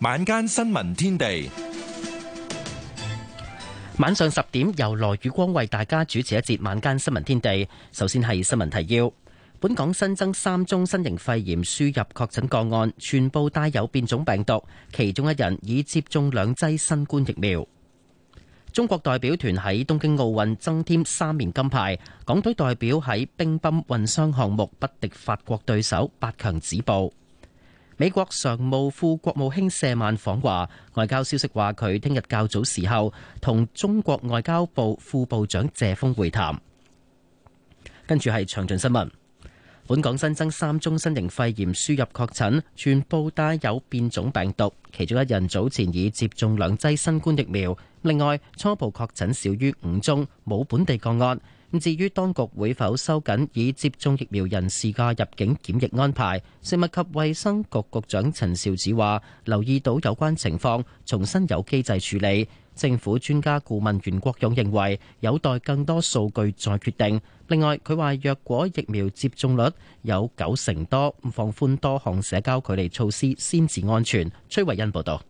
晚間新聞天地，晚上十點由羅宇光為大家主持一節晚間新聞天地。首先係新聞提要：本港新增三宗新型肺炎輸入確診個案，全部帶有變種病毒，其中一人已接種兩劑新冠疫苗。中國代表團喺東京奧運增添三面金牌，港隊代表喺乒乓運雙項目不敵法國對手，八強止步。美國常務副國務卿謝曼訪華，外交消息話佢聽日較早時候同中國外交部副部長謝鋒會談。跟住係詳盡新聞：本港新增三宗新型肺炎輸入確診，全部帶有變種病毒，其中一人早前已接種兩劑新冠疫苗。另外，初步確診少於五宗，冇本地個案。咁至於當局會否收緊已接種疫苗人士嘅入境檢疫安排，食物及衛生局局長陳肇始話：留意到有關情況，重新有機制處理。政府專家顧問袁國勇認為有待更多數據再決定。另外，佢話若果疫苗接種率有九成多，放寬多項社交距離措施先至安全。崔慧欣報道。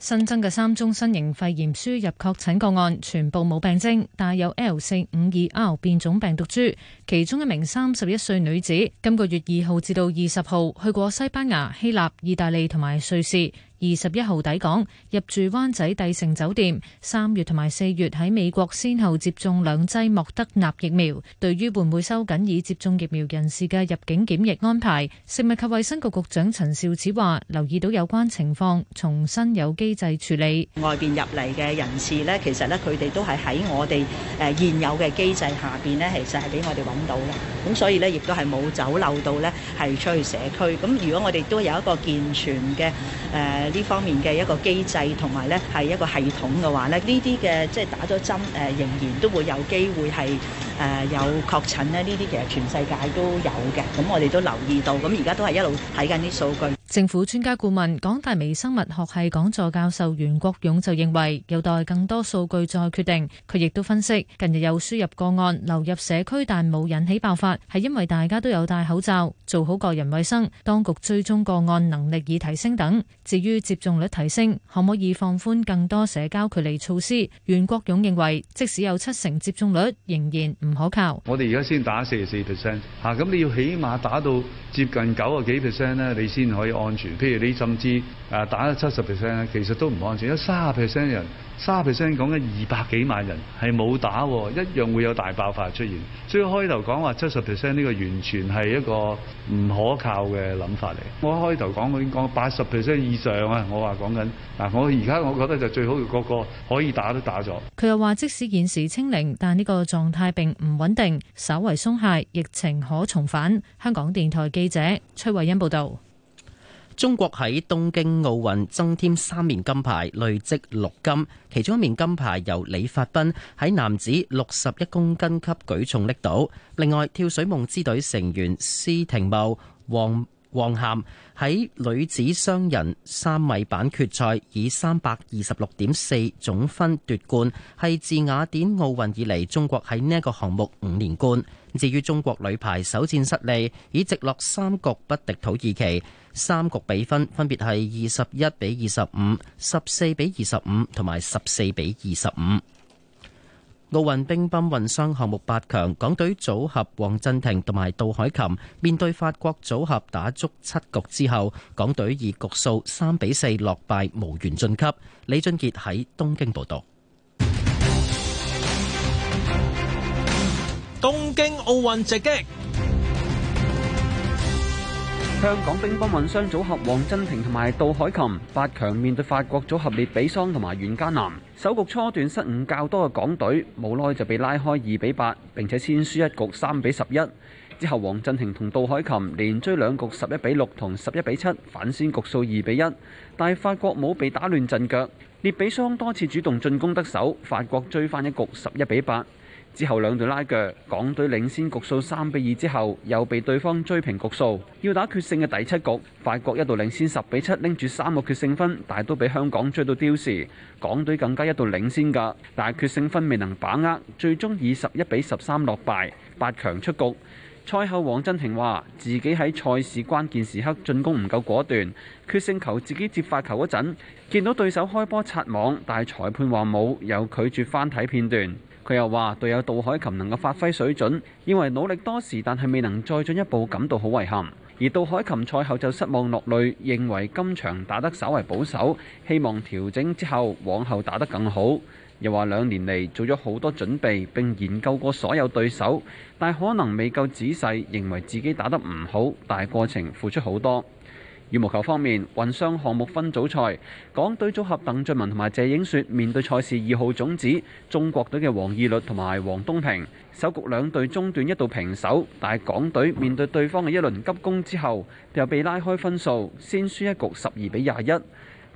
新增嘅三宗新型肺炎輸入確診個案，全部冇病徵，帶有 L 四五二 R 變種病毒株。其中一名三十一歲女子，今個月二號至到二十號去過西班牙、希臘、意大利同埋瑞士。二十一號抵港，入住灣仔帝盛酒店。三月同埋四月喺美國先後接種兩劑莫德納疫苗。對於會唔會收緊已接種疫苗人士嘅入境檢疫安排，食物及衛生局局長陳肇始話：留意到有關情況，重新有機制處理外邊入嚟嘅人士呢，其實呢，佢哋都係喺我哋誒現有嘅機制下邊呢，其實係俾我哋揾到嘅。咁所以呢，亦都係冇走漏到呢，係出去社區。咁如果我哋都有一個健全嘅誒。呃呢方面嘅一個機制同埋咧係一個系統嘅話咧，呢啲嘅即係打咗針誒、呃、仍然都會有機會係誒、呃、有確診咧。呢啲其實全世界都有嘅，咁我哋都留意到，咁而家都係一路睇緊啲數據。政府專家顧問、港大微生物學系講座教授袁國勇就認為，有待更多數據再決定。佢亦都分析，近日有輸入個案流入社區，但冇引起爆發，係因為大家都有戴口罩、做好個人衞生、當局追蹤個案能力已提升等。至於接種率提升可唔可以放寬更多社交距離措施？袁國勇認為，即使有七成接種率，仍然唔可靠。我哋而家先打四十四 percent，嚇，咁、啊、你要起碼打到接近九十幾 percent 咧，你先可以。安全，譬如你甚至啊打咗七十 percent，其實都唔安全。有三十 percent 人，三十 percent 講緊二百幾萬人係冇打，一樣會有大爆發出現。所以開頭講話七十 percent 呢個完全係一個唔可靠嘅諗法嚟。我開頭講我已經講八十 percent 以上啊，我話講緊嗱，我而家我覺得就最好個個可以打都打咗。佢又話，即使現時清零，但呢個狀態並唔穩定，稍為鬆懈，疫情可重返。香港電台記者崔慧欣報道。中國喺東京奧運增添三面金牌，累積六金。其中一面金牌由李發彬喺男子六十一公斤級舉重拎到。另外，跳水夢之隊成員施廷懋、王王涵喺女子雙人三米板決賽以三百二十六點四總分奪冠，係自雅典奧運以嚟中國喺呢個項目五連冠。至於中國女排首戰失利，以直落三局不敵土耳其，三局比分分別係二十一比二十五、十四比二十五同埋十四比二十五。奧運乒乓混雙項目八強，港隊組合黃鎮廷同埋杜凱琹，面對法國組合打足七局之後，港隊以局數三比四落敗，無緣晉首局初段失誤較多嘅港隊，無奈就被拉開二比八，並且先輸一局三比十一。之後，王振廷同杜海琴連追兩局十一比六同十一比七，反先局數二比一。但法國冇被打亂陣腳，列比桑多次主動進攻得手，法國追翻一局十一比八。之後兩隊拉鋸，港隊領先局數三比二之後，又被對方追平局數，要打決勝嘅第七局。法國一度領先十比七，拎住三個決勝分，但係都俾香港追到刁時，港隊更加一度領先㗎，但係決勝分未能把握，最終以十一比十三落敗，八強出局。賽後黃鎮，黃鎮廷話自己喺賽事關鍵時刻進攻唔夠果斷，決勝球自己接發球嗰陣見到對手開波擦網，但係裁判話冇，又拒絕翻睇片段。佢又話：隊友杜海琴能夠發揮水準，認為努力多時，但係未能再進一步，感到好遺憾。而杜海琴賽後就失望落淚，認為今場打得稍為保守，希望調整之後，往後打得更好。又話兩年嚟做咗好多準備，並研究過所有對手，但可能未夠仔細，認為自己打得唔好，但係過程付出好多。羽毛球方面，混雙項目分組賽，港隊組合鄧俊文同埋謝影雪面對賽事二號種子中國隊嘅王懿律同埋黃東萍，首局兩隊中段一度平手，但係港隊面對對方嘅一輪急攻之後，又被拉開分數，先輸一局十二比廿一。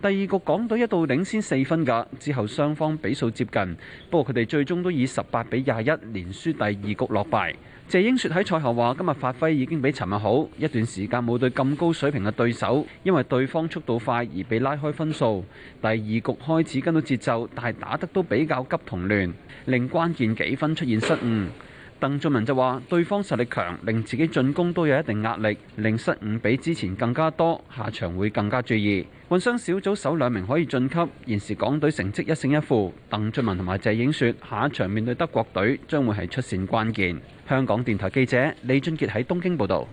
第二局港隊一度領先四分噶，之後雙方比數接近，不過佢哋最終都以十八比廿一連輸第二局落敗。謝英雪喺賽後話今日發揮已經比尋日好，一段時間冇對咁高水平嘅對手，因為對方速度快而被拉開分數，第二局開始跟到節奏，但係打得都比較急同亂，令關鍵幾分出現失誤。鄧俊文就話：對方實力強，令自己進攻都有一定壓力，令失誤比之前更加多，下場會更加注意。混雙小組首兩名可以晉級，現時港隊成績一勝一負。鄧俊文同埋謝影雪下一場面對德國隊，將會係出線關鍵。香港電台記者李俊傑喺東京報道。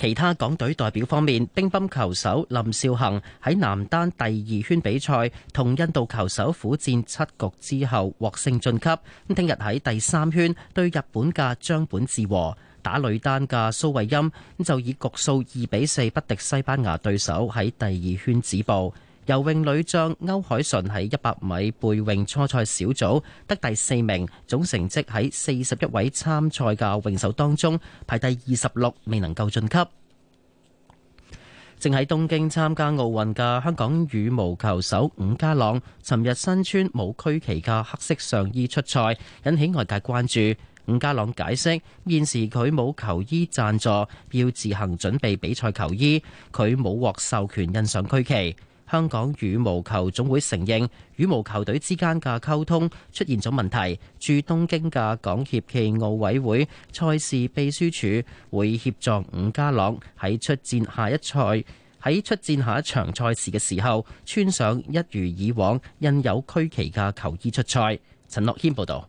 其他港隊代表方面，乒乓球手林兆恒喺男單第二圈比賽同印度球手苦戰七局之後獲勝晉級。聽日喺第三圈對日本嘅張本智和。打女單嘅蘇慧音，就以局數二比四不敵西班牙對手，喺第二圈止步。游泳女將歐鎧淳喺一百米背泳初賽小組得第四名，總成績喺四十一位參賽嘅泳手當中排第二十六，未能夠晉級。正喺東京參加奧運嘅香港羽毛球手伍家朗，尋日身穿冇區旗嘅黑色上衣出賽，引起外界關注。伍家朗解釋，現時佢冇球衣贊助，要自行準備比賽球衣，佢冇獲授權印上區旗。香港羽毛球總會承認羽毛球隊之間嘅溝通出現咗問題。駐東京嘅港協暨奧委會賽事秘書處會協助伍家朗喺出戰下一賽，喺出戰下一場賽事嘅時候穿上一如以往印有區旗嘅球衣出賽。陳樂謙報道。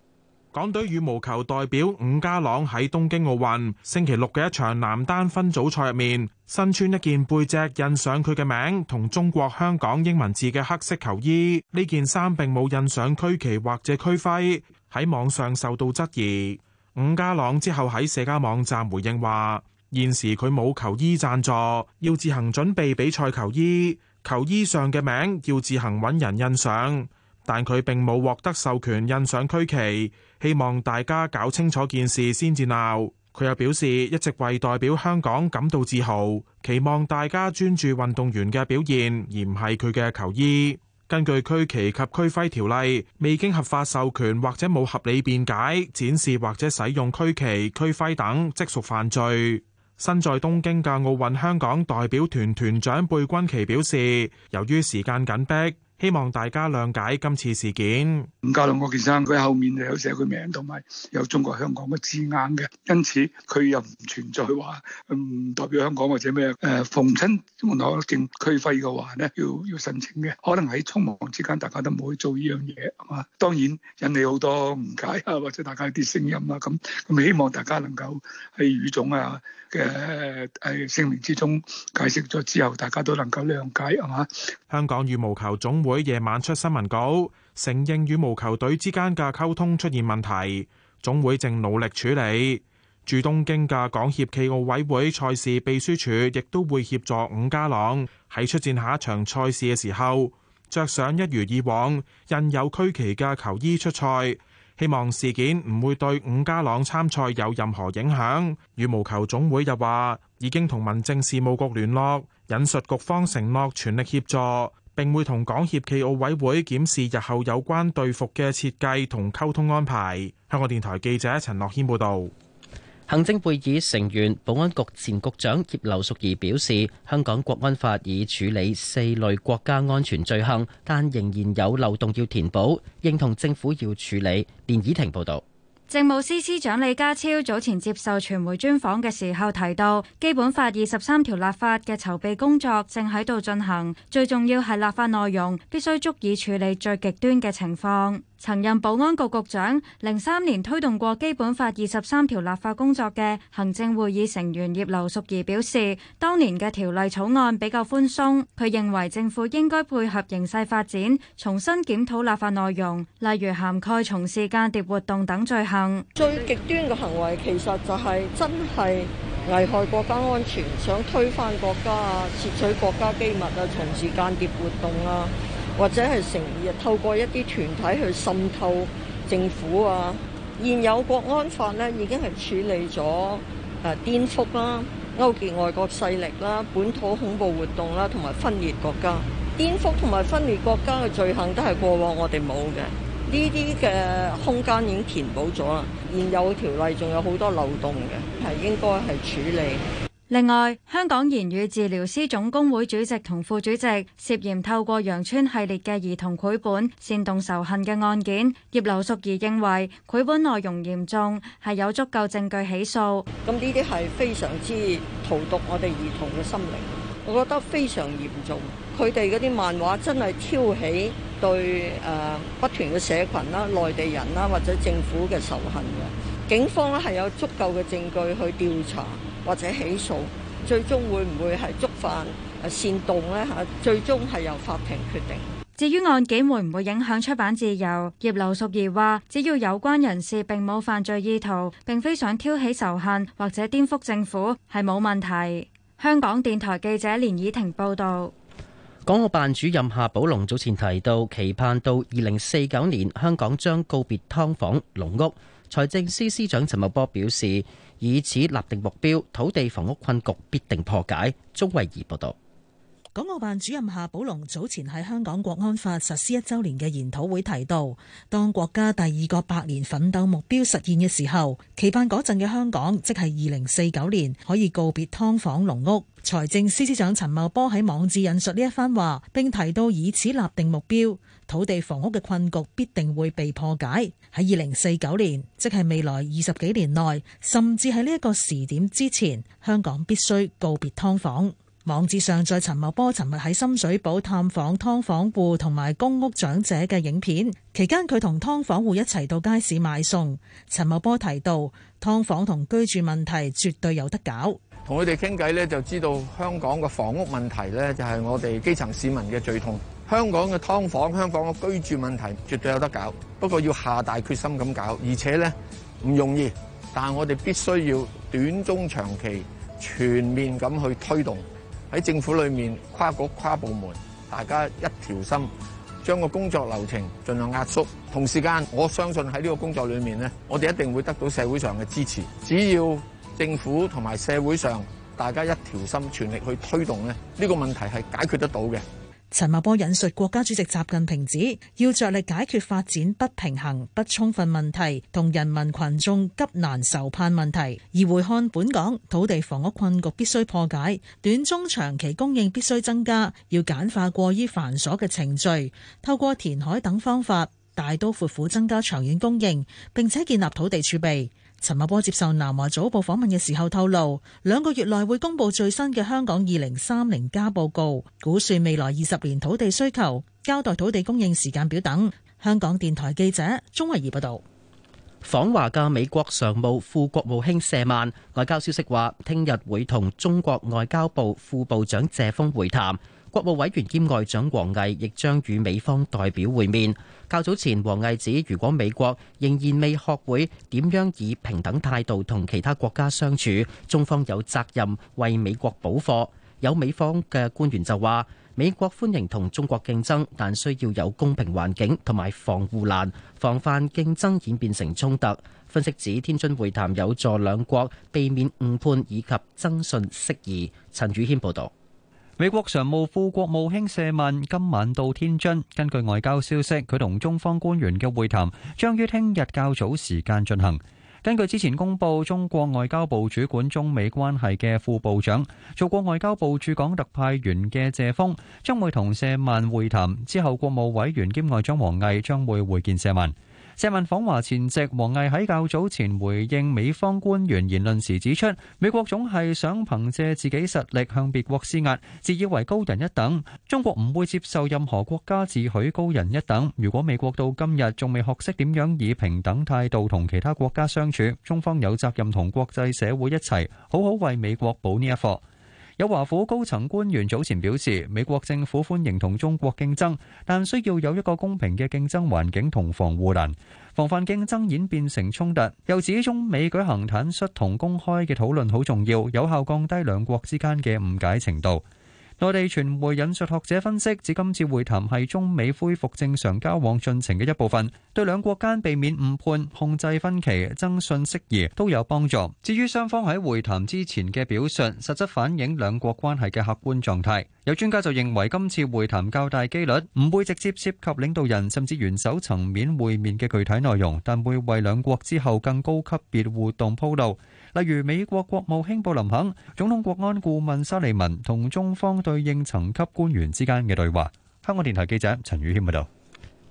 港隊羽毛球代表伍家朗喺東京奧運星期六嘅一場男單分組賽入面，身穿一件背脊印上佢嘅名同中國香港英文字嘅黑色球衣。呢件衫並冇印上區旗或者區徽，喺網上受到質疑。伍家朗之後喺社交網站回應話，現時佢冇球衣贊助，要自行準備比賽球衣，球衣上嘅名要自行揾人印上，但佢並冇獲得授權印上區旗。希望大家搞清楚件事先至鬧。佢又表示一直為代表香港感到自豪，期望大家專注運動員嘅表現，而唔係佢嘅球衣。根據區旗及區徽條例，未經合法授權或者冇合理辯解展示或者使用區旗區徽等，即屬犯罪。身在東京嘅奧運香港代表團團，團長貝鈞奇表示，由於時間緊迫。希望大家諒解今次事件。伍家朗先生，佢後面就有寫佢名，同埋有中國香港嘅字眼嘅，因此佢又唔存在話唔、嗯、代表香港或者咩。誒、呃，逢親換港政區徽嘅話咧，要要申請嘅。可能喺匆忙之間，大家都唔會做呢樣嘢，係嘛？當然引起好多誤解啊，或者大家一啲聲音啊，咁咁希望大家能夠喺羽總啊嘅誒聲明之中解釋咗之後，大家都能夠諒解，係嘛？香港羽毛球總會。會夜晚出新聞稿，承認羽毛球隊之間嘅溝通出現問題，總會正努力處理。駐東京嘅港協暨奧委會賽事秘書處亦都會協助伍家朗喺出戰下一場賽事嘅時候，着上一如以往印有區旗嘅球衣出賽。希望事件唔會對伍家朗參賽有任何影響。羽毛球總會又話，已經同民政事務局聯絡，引述局方承諾全力協助。並會同港協暨奧委會檢視日後有關對服嘅設計同溝通安排。香港電台記者陳樂軒報導。行政會議成員保安局前局長葉劉淑儀表示，香港國安法已處理四類國家安全罪行，但仍然有漏洞要填補，認同政府要處理。連倚婷報導。政務司司長李家超早前接受傳媒專訪嘅時候提到，基本法二十三條立法嘅籌備工作正喺度進行，最重要係立法內容必須足以處理最極端嘅情況。曾任保安局局長，零三年推動過《基本法》二十三條立法工作嘅行政會議成員葉劉淑儀表示，當年嘅條例草案比較寬鬆，佢認為政府應該配合形勢發展，重新檢討立法內容，例如涵蓋從事間諜活動等罪行。最極端嘅行為其實就係真係危害國家安全，想推翻國家啊，竊取國家機密啊，從事間諜活動啊。或者係成日透過一啲團體去滲透政府啊，現有國安法呢，已經係處理咗誒顛覆啦、勾結外國勢力啦、本土恐怖活動啦，同埋分裂國家。顛覆同埋分裂國家嘅罪行都係過往我哋冇嘅，呢啲嘅空間已經填補咗啦。現有條例仲有好多漏洞嘅，係應該係處理。另外，香港言語治療師總工會主席同副主席涉嫌透過羊村系列嘅兒童繪本煽動仇恨嘅案件，葉劉淑儀認為繪本內容嚴重，係有足夠證據起訴。咁呢啲係非常之荼毒我哋兒童嘅心靈，我覺得非常嚴重。佢哋嗰啲漫畫真係挑起對誒不團嘅社群啦、內地人啦或者政府嘅仇恨嘅。警方咧係有足夠嘅證據去調查或者起訴，最終會唔會係觸犯煽動呢？嚇，最終係由法庭決定。至於案件會唔會影響出版自由，葉劉淑儀話：只要有關人士並冇犯罪意圖，並非想挑起仇恨或者顛覆政府，係冇問題。香港電台記者連倚婷報道。港澳辦主任夏寶龍早前提到，期盼到二零四九年香港將告別劏房、籠屋。財政司司長陳茂波表示，以此立定目標，土地房屋困局，必定破解。鍾慧儀報道。港澳辦主任夏寶龍早前喺香港國安法實施一周年嘅研討會提到，當國家第二個百年奮鬥目標實現嘅時候，期盼嗰陣嘅香港，即係二零四九年，可以告別㓥房、籠屋。財政司司長陳茂波喺網誌引述呢一番話，並提到以此立定目標，土地房屋嘅困局必定會被破解。喺二零四九年，即係未來二十幾年內，甚至喺呢一個時點之前，香港必須告別劏房。網誌上載陳茂波尋日喺深水埗探訪㓥房戶同埋公屋長者嘅影片，期間佢同㓥房戶一齊到街市買餸。陳茂波提到，劏房同居住問題絕對有得搞。同佢哋傾偈呢，就知道香港嘅房屋問題呢，就係我哋基層市民嘅最痛。香港嘅劏房、香港嘅居住問題絕對有得搞，不過要下大決心咁搞，而且咧唔容易，但係我哋必須要短、中、長期全面咁去推動，喺政府裏面跨局跨部門，大家一條心，將個工作流程盡量壓縮。同時間，我相信喺呢個工作裏面咧，我哋一定會得到社會上嘅支持。只要政府同埋社會上大家一條心，全力去推動咧，呢個問題係解決得到嘅。陳茂波引述國家主席習近平指，要着力解決發展不平衡、不充分問題同人民群眾急難愁盼問題。而回看本港，土地房屋困局必須破解，短中長期供應必須增加，要簡化過於繁瑣嘅程序，透過填海等方法，大刀闊斧增加長遠供應，并且建立土地儲備。陳茂波接受南華早報訪問嘅時候透露，兩個月內會公布最新嘅香港二零三零加報告，估算未來二十年土地需求，交代土地供應時間表等。香港電台記者鍾慧儀報道。訪華嘅美國常務副國務卿謝曼，外交消息話，聽日會同中國外交部副部長謝鋒會談。國務委員兼外長王毅亦將與美方代表會面。較早前，王毅指，如果美國仍然未學會點樣以平等態度同其他國家相處，中方有責任為美國補課。有美方嘅官員就話：美國歡迎同中國競爭，但需要有公平環境同埋防護欄，防範競爭演變成衝突。分析指，天津會談有助兩國避免誤判以及增信釋疑。陳宇軒報導。美國常務副國務卿謝曼今晚到天津，根據外交消息，佢同中方官員嘅會談將於聽日較早時間進行。根據之前公布中國外交部，主管中美關係嘅副部長，做過外交部駐港特派員嘅謝鋒，將會同謝曼會談，之後國務委員兼外長王毅將會會見謝曼。借問訪華前夕，王毅喺較早前回應美方官員言論時指出，美國總係想憑藉自己實力向別國施壓，自以為高人一等。中國唔會接受任何國家自詡高人一等。如果美國到今日仲未學識點樣以平等態度同其他國家相處，中方有責任同國際社會一齊好好為美國補呢一課。有華府高層官員早前表示，美國政府歡迎同中國競爭，但需要有一個公平嘅競爭環境同防護欄，防範競爭演變成衝突。又指中美舉行坦率同公開嘅討論好重要，有效降低兩國之間嘅誤解程度。內地傳媒引述學者分析，指今次會談係中美恢復正常交往進程嘅一部分，對兩國間避免誤判、控制分歧、增信釋疑都有幫助。至於雙方喺會談之前嘅表述，實質反映兩國關係嘅客觀狀態。有專家就認為，今次會談較大機率唔會直接涉及領導人甚至元首層面會面嘅具體內容，但會為兩國之後更高級別互動鋪路。例如美國國務卿布林肯、總統國安顧問沙利文同中方對應層級官員之間嘅對話。香港電台記者陳宇軒報導。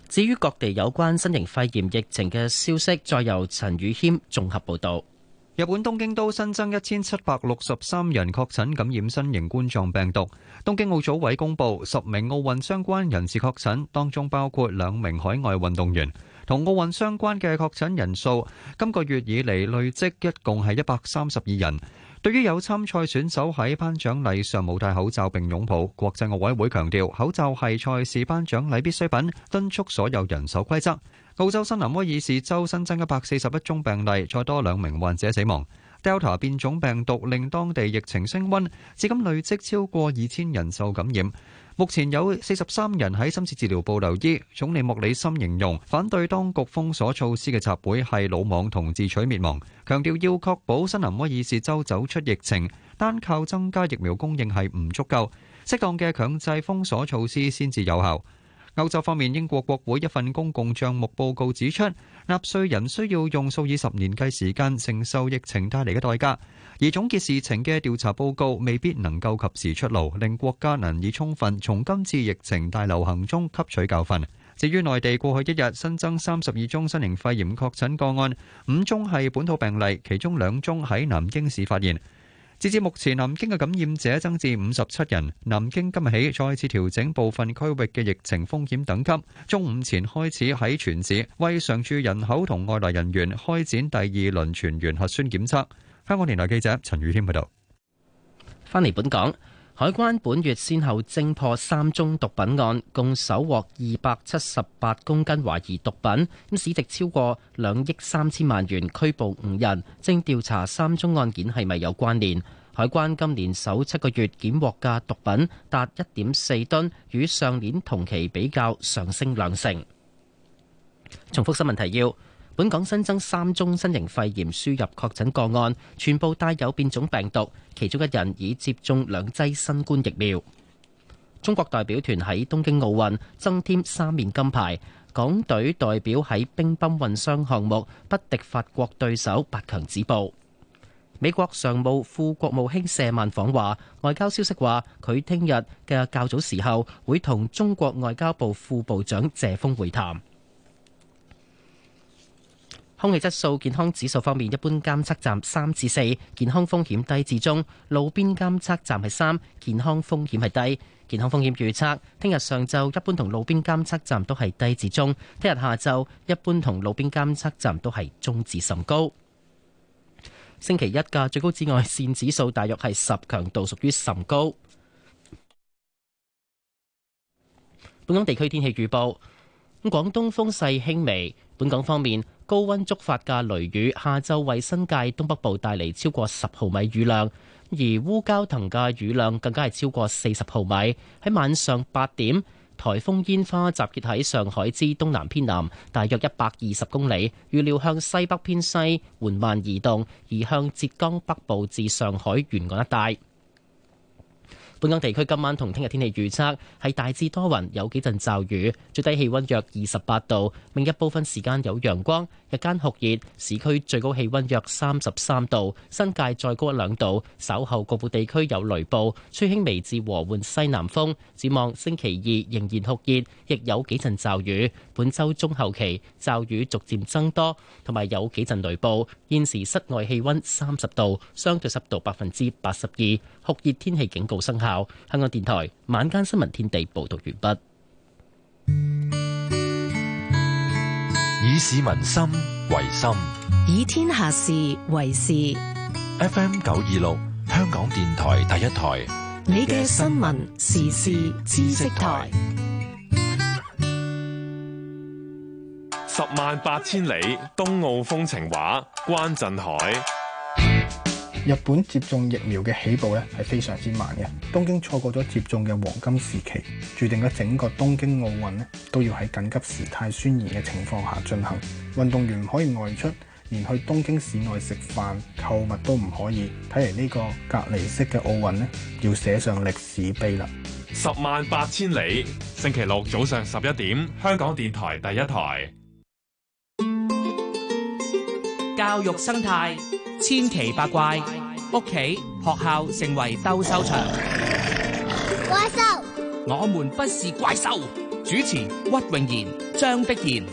至於各地有關新型肺炎疫情嘅消息，再由陳宇軒綜合報導。日本東京都新增一千七百六十三人確診感染新型冠狀病毒。東京奧組委公佈十名奧運相關人士確診，當中包括兩名海外運動員。同奧運相關嘅確診人數，今個月以嚟累積一共係一百三十二人。對於有參賽選手喺頒獎禮上冇戴口罩並擁抱，國際奧委會強調口罩係賽事頒獎禮必需品，敦促所有人守規則。澳洲新南威爾士州新增一百四十一宗病例，再多兩名患者死亡。Delta 變種病毒令當地疫情升溫，至今累積超過二千人受感染。目前有四十三人喺深切治療部留醫。總理莫里森形容反對當局封鎖措施嘅集會係魯莽同自取滅亡，強調要確保新南威爾士州走出疫情，單靠增加疫苗供應係唔足夠，適當嘅強制封鎖措施先至有效。歐洲方面，英國國會一份公共賬目報告指出，納稅人需要用數以十年計時間承受疫情帶嚟嘅代價。而總結事情嘅調查報告未必能夠及時出爐，令國家難以充分從今次疫情大流行中吸取教訓。至於內地過去一日新增三十二宗新型肺炎確診個案，五宗係本土病例，其中兩宗喺南京市發現。截至目前，南京嘅感染者增至五十七人。南京今日起再次調整部分區域嘅疫情風險等級，中午前開始喺全市為常住人口同外來人員開展第二輪全員核酸檢測。香港電台記者陳宇謙報道。翻嚟本港。海關本月先後偵破三宗毒品案，共搜獲二百七十八公斤懷疑毒品，咁市值超過兩億三千萬元，拘捕五人，正調查三宗案件係咪有關聯。海關今年首七個月檢獲嘅毒品達一點四噸，與上年同期比較上升兩成。重複新聞提要。本港新增三宗新型肺炎輸入確診個案，全部帶有變種病毒，其中一人已接種兩劑新冠疫苗。中國代表團喺東京奧運增添三面金牌，港隊代表喺乒乓球雙項目，不敵法國對手八強止步。美國常務副國務卿舍曼訪華，外交消息話，佢聽日嘅較早時候會同中國外交部副部長謝鋒會談。空氣質素健康指數方面，一般監測站三至四，健康風險低至中；路邊監測站係三，健康風險係低。健康風險預測：聽日上晝一般同路邊監測站都係低至中；聽日下晝一般同路邊監測站都係中至甚高。星期一嘅最高紫外線指數大約係十，強度屬於甚高。本港地區天氣預報：咁廣東風勢輕微，本港方面。高溫觸發嘅雷雨，下晝為新界東北部帶嚟超過十毫米雨量，而烏蛟騰嘅雨量更加係超過四十毫米。喺晚上八點，颱風煙花集結喺上海之東南偏南，大約一百二十公里，預料向西北偏西緩慢移動，移向浙江北部至上海沿岸一帶。本港地區今晚同聽日天氣預測係大致多雲有幾陣驟雨，最低氣溫約二十八度。明日部分時間有陽光，日間酷熱市區最高氣溫約三十三度，新界再高一兩度。稍後局部地區有雷暴，吹輕微至和緩西南風，展望星期二仍然酷熱亦有幾陣驟雨。本周中後期驟雨逐漸增多，同埋有幾陣雷暴。現時室外氣溫三十度，相對濕度百分之八十二，酷熱天氣警告生效。香港電台晚間新聞天地報讀完畢。以市民心為心，以天下事為事。FM 九二六，香港電台第一台，你嘅新聞時事知識台。十萬八千里，東澳風情畫，關震海。日本接種疫苗嘅起步呢係非常之慢嘅，東京錯過咗接種嘅黃金時期，注定咗整個東京奧運呢都要喺緊急時態宣言嘅情況下進行，運動員唔可以外出，連去東京市內食飯、購物都唔可以，睇嚟呢個隔離式嘅奧運呢要寫上歷史碑啦。十萬八千里，星期六早上十一點，香港電台第一台，教育生態。千奇百怪，屋企學校成為鬥獸場。怪獸，我們不是怪獸。主持屈穎妍、張碧賢。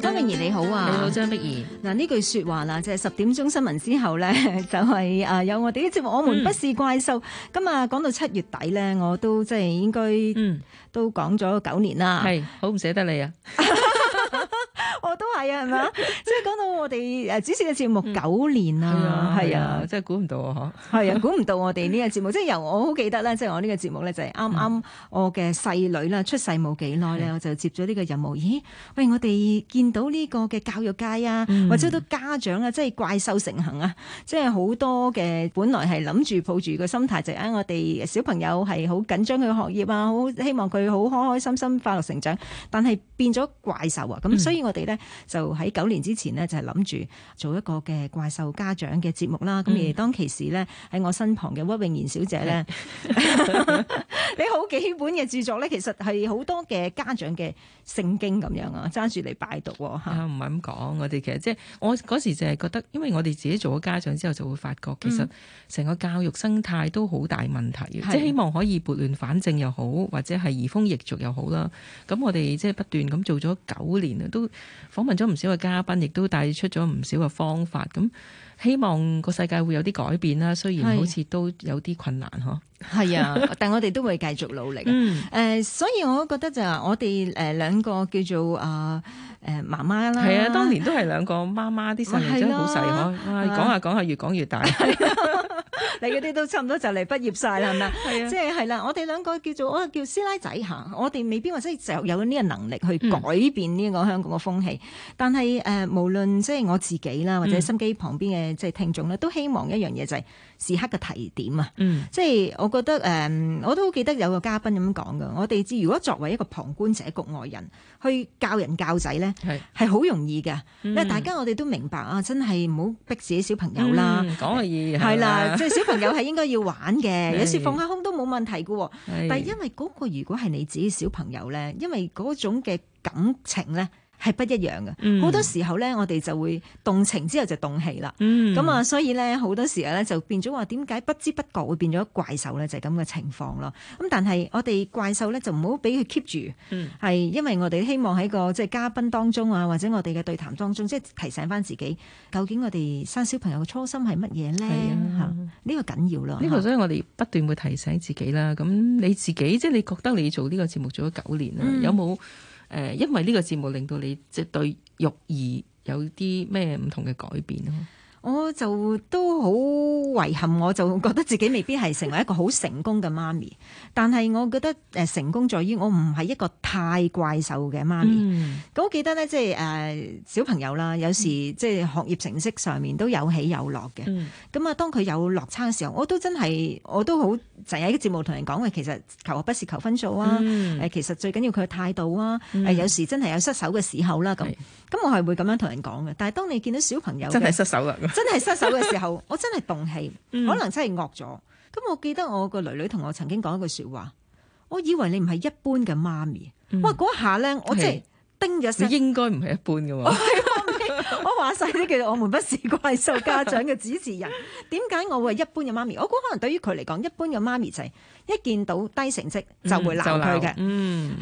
屈穎妍你好啊，你好張碧賢。嗱，呢句說話啦，就係十點鐘新聞之後咧，就係誒有我哋啲節目。我們不是怪獸。咁啊，講到七月底咧，我都即係應該都講咗九年啦。係，好唔捨得你啊。我、哦、都係啊，係嘛， 即係講到我哋誒，主持嘅節目九年啦，係、嗯、啊，係真係估唔到啊，吓，係啊，估唔到我哋呢、啊、個節目， 即係由我好記得啦，即、就、係、是、我個節呢個節目咧就係啱啱我嘅細女啦出世冇幾耐咧，嗯、我就接咗呢個任務。咦，喂，我哋見到呢個嘅教育界啊，或者都家長啊，即係怪獸成行啊，即係好多嘅本來係諗住抱住個心態，就喺、是啊、我哋小朋友係好緊張佢嘅學業啊，好希望佢好開開心心快樂成長，但係變咗怪獸啊，咁所以我哋、嗯。就喺九年之前呢，就係諗住做一個嘅怪獸家長嘅節目啦。咁、嗯、而當其時呢，喺我身旁嘅屈穎妍小姐呢，是 你好幾本嘅著作呢，其實係好多嘅家長嘅聖經咁樣啊，揸住嚟拜讀嚇、啊。唔係咁講，我哋其實即係我嗰時就係覺得，因為我哋自己做咗家長之後，就會發覺其實成個教育生態都好大問題、嗯、即係希望可以撥亂反正又好，或者係移風易俗又好啦。咁我哋即係不斷咁做咗九年啊，都。訪問咗唔少嘅嘉賓，亦都帶出咗唔少嘅方法。咁希望個世界會有啲改變啦。雖然好似都有啲困難嗬，係啊的， 但我哋都會繼續努力。誒、嗯呃，所以我覺得就係我哋誒兩個叫做啊誒、呃呃、媽媽啦。係啊，當年都係兩個媽媽啲細路真係好細呵，講下講下越講越大。是的 你嗰啲都差唔多就嚟畢業晒啦，係咪？即係係啦，我哋兩個叫做我叫師奶仔嚇，我哋未必話真係就有呢個能力去改變呢個香港嘅風氣。嗯、但係誒、呃，無論即係我自己啦，或者心機旁邊嘅即係聽眾咧，都希望一樣嘢就係、係。時刻嘅提點啊，嗯、即係我覺得誒、嗯，我都好記得有個嘉賓咁講㗎。我哋知如果作為一個旁觀者、局外人去教人教仔咧，係係好容易㗎。嗯、因為大家我哋都明白啊，真係唔好逼自己小朋友啦。講嘅意義係啦，即係小朋友係應該要玩嘅，的有時放下空都冇問題㗎喎。的但係因為嗰個如果係你自己小朋友咧，因為嗰種嘅感情咧。係不一樣嘅，好、嗯、多時候咧，我哋就會動情之後就動氣啦。咁啊、嗯，所以咧，好多時候咧就變咗話，點解不知不覺會變咗怪獸咧？就係咁嘅情況咯。咁但係我哋怪獸咧，就唔好俾佢 keep 住。係，因為我哋希望喺個即係嘉賓當中啊，或者我哋嘅對談當中，即係提醒返自己，究竟我哋生小朋友嘅初心係乜嘢咧？吓、啊、呢、啊這個緊要咯。呢個所以我哋不斷會提醒自己啦。咁你自己即係、就是、你覺得你做呢個節目做咗九年啦，嗯、有冇？誒，因為呢個節目令到你即係對育兒有啲咩唔同嘅改變咯。我就都好遺憾，我就覺得自己未必係成為一個好成功嘅媽咪。但係我覺得誒成功在於我唔係一個太怪獸嘅媽咪。咁、嗯、我記得呢，即係誒小朋友啦，有時即係、就是、學業成績上面都有起有落嘅。咁啊、嗯，當佢有落差嘅時候，我都真係我都好就係喺個節目同人講嘅，其實求學不是求分數啊，嗯、其實最緊要佢嘅態度啊。嗯、有時真係有失手嘅時候啦，咁咁是我係會咁樣同人講嘅。但係當你見到小朋友真係失手啊，真係失手嘅時候， 我真係動氣，嗯、可能真係惡咗。咁我記得我個女女同我曾經講一句說話，我以為你唔係一般嘅媽咪。嗯、哇！嗰下咧，是我真係叮咗聲，你應該唔係一般嘅嘛 我我，我話晒啲叫我們不是怪獸家長嘅主持人。點解我會係一般嘅媽咪？我估可能對於佢嚟講，一般嘅媽咪就係一見到低成績就會鬧佢嘅。嗯。